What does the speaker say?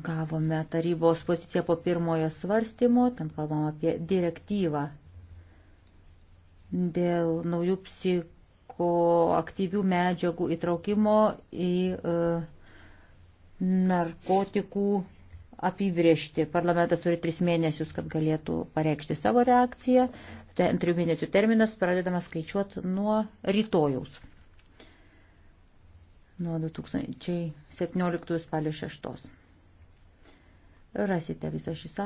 Gavome tarybos poziciją po pirmojo svarstymo, ten kalbam apie direktyvą dėl naujų psichoaktyvių medžiagų įtraukimo į e, narkotikų apibriežti. Parlamentas turi tris mėnesius, kad galėtų pareikšti savo reakciją. Ten trijų mėnesių terminas pradedamas skaičiuoti nuo rytojaus. Nuo 2017 spalio 6 rasite visą šį sąrašą.